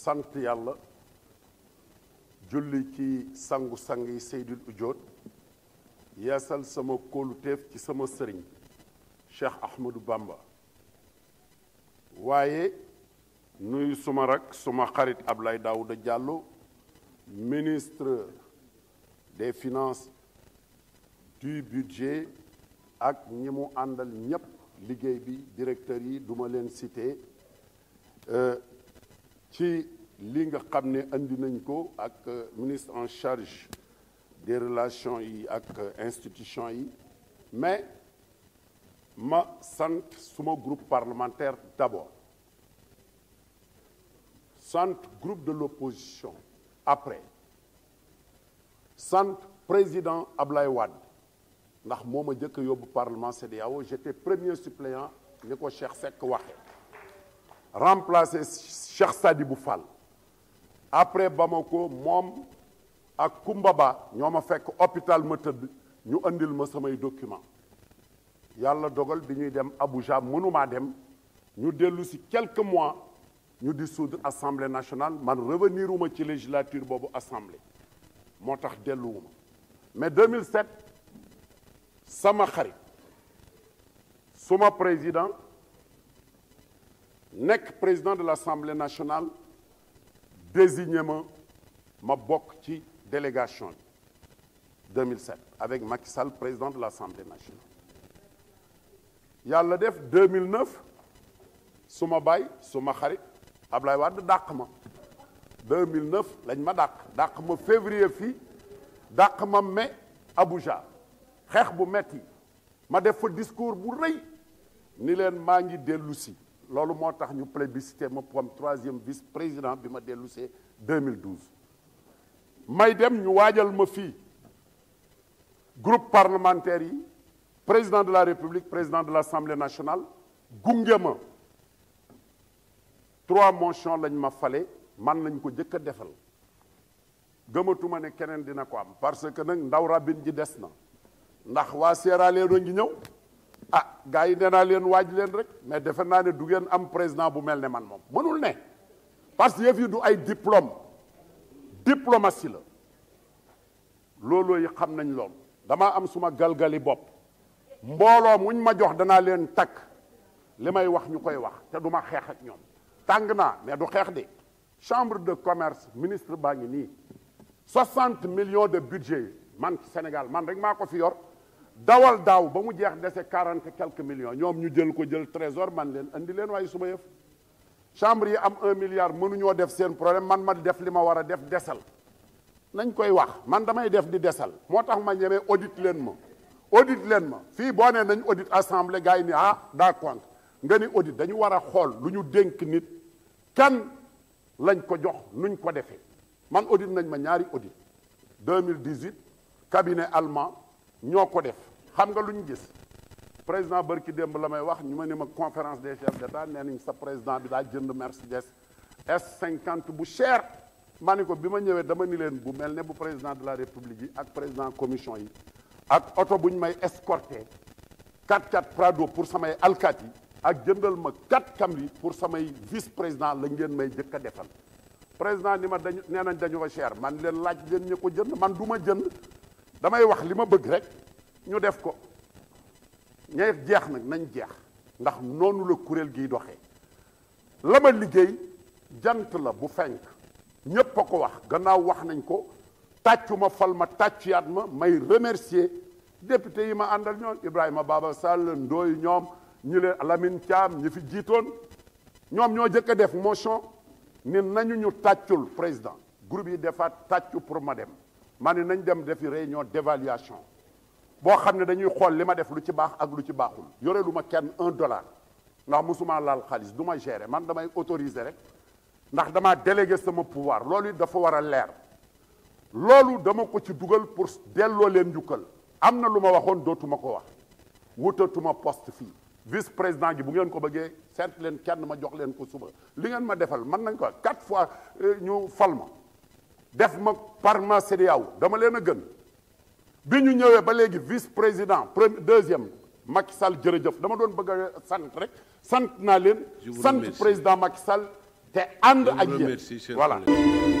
sant yàlla julli ci sangu sang yi seydul ujoot yeesal sama kóoluteef ci sama sëriñ Cheikh Ahmadou Bamba waaye nuyu suma rak suma xarit Ablaye Daouda Diallo ministre de finance du budget ak ñi mu àndal ñépp liggéey bi directeur yi duma leen citer euh, ci li nga xam ne andi nañ ko ak euh, ministre en charge des relation yi ak euh, institution yi mais ma sant suma groupe parlementaire d'abord sant groupe de l'opposition après sant président Ablaye Wade ndax moo ma jëkk yóbbu parlement CEDEAO j'étais premier suppléant ni ko Cheikh Seck waxe remplacé Cheikh bu Fall après Bamako moom ak Kumba Ba ñoo ma fekk hôpital ma tëdd ñu andil ma samay document yàlla dogal bi ñuy dem Abuja mënumaa dem ñu dellu si quelques mois ñu di dissoudre assemblée nationale man reveniruma ci législature boobu assemblée moo tax delluwuma mais 2007 sama xarit suma président nekk président de l'Assemblée nationale désigné ma ma bokk ci délégation bi 2007 avec Macky Sall président de l'Assemblée nationale yàlla def 2009 su ma baay su ma xarit Ablaye Wade dàq ma 2009 lañ ma dàq dàq ma février fii dàq ma mai Abuja xeex bu metti ma def fa discours bu rëy ni leen maa ngi dellusi loolu moo tax ñu plébiscité ma comme troisième vice président bi ma dellusee 2012 may dem ñu waajal ma fii groupe parlementaire yi président de la république président de l'assemblée nationale gunge ma trois motions lañ ma fale man lañ ko jëkk a defal gëmatuma ne keneen dina ko am parce que nag ndaw rabin ji des na ndax waa Sierra Leone ngi ñëw ah gars yi nee naa leen waaj leen rek mais defe naa ne du ngeen am président bu mel ne man moom mënul ne parce que yëf yi du ay diplôme diplomatie la loolooy xam nañ lool damaa am suma galgali bopp mbooloo muñ ma jox danaa leen takk li may wax ñu koy wax te du ma xeex ñoom tàng naa mais du xeex di chambre de commerce ministre baa ngi nii 60 millions de budget man Sénégal man rek maa ko fi yor dawal daaw ba mu jeex dese quarante quelques million ñoom ñu jël ko jël trésor man leen indi leen waaye suma yëf chambre yi am un milliard mënuñoo def seen problème man ma def li ma war a def desal nañ koy wax man damay def di desal moo tax ma ñemee audit leen ma audit leen ma fii boo nee nañ audit assemblée gars yi ni ah daa compte nga ni audit dañu war a xool lu ñu dénk nit kan lañ ko jox nuñ ko defee man audit nañ ma ñaari audit 2018 cabinet allemand ñoo ko def xam nga lu ñu gis président bërki démb la may wax ñu ma ne ma conférence des chefs d'État nee nañ sa président bi daa jënd Mercedes s cinquante bu cher ma ni ko bi ma ñëwee dama ni leen bu mel ne bu président de la république yi ak président commission yi ak oto bu ñu may escorté 4-4 Prado pour samay alkaati yi ak jëndal ma 4 Camry pour samay vice président la ngeen may jëkk a defal président ni ma dañu nee nañ dañu ko cher man leen laaj leen ñu ko jënd man du ma jënd damay wax li ma bëgg rek ñu def ko ñay jeex nag nañ jeex ndax noonu la kuréel giy doxee la ma liggéey jant la bu fenk ñépp a ko wax gannaaw wax nañ ko tàccu ma fal ma tàccuyaat ma may remercier député yi ma àndal ñoom Ibrahima Baba Sall Ndoye ñoom ñi leen lamin Thiam ñi fi jiitoon ñoom ñoo jëkk a def motion ni nañu ñu tàccul président groupe yi defaat tàccu pour ma dem maa ne nañ dem defi réunion d'évaluation boo xam ne dañuy xool li ma def lu ci baax ak lu ci baaxul yore lu ma kenn un dollar ndax mosuma laal xaalis du ma gérer man damay autoriser rek ndax damaa délégué sama pouvoir loolu dafa war a leer loolu dama ko ci dugal pour delloo leen njukkal am na lu ma waxoon dootuma ko wax wutatuma post fii vice président gi bu ngeen ko bëggee seet leen kenn ma jox leen ko suba li ngeen ma defal mën nañ ko quatre fois euh, ñu fal def ma parlement CEDEAO dama leen a gën bi ñu ñëwee ba léegi vice président premier deuxième Macky Sall jërëjëf dama doon bëgg a sant rek sant naa leen sant président Macky Sall te ànd ak yéen voilà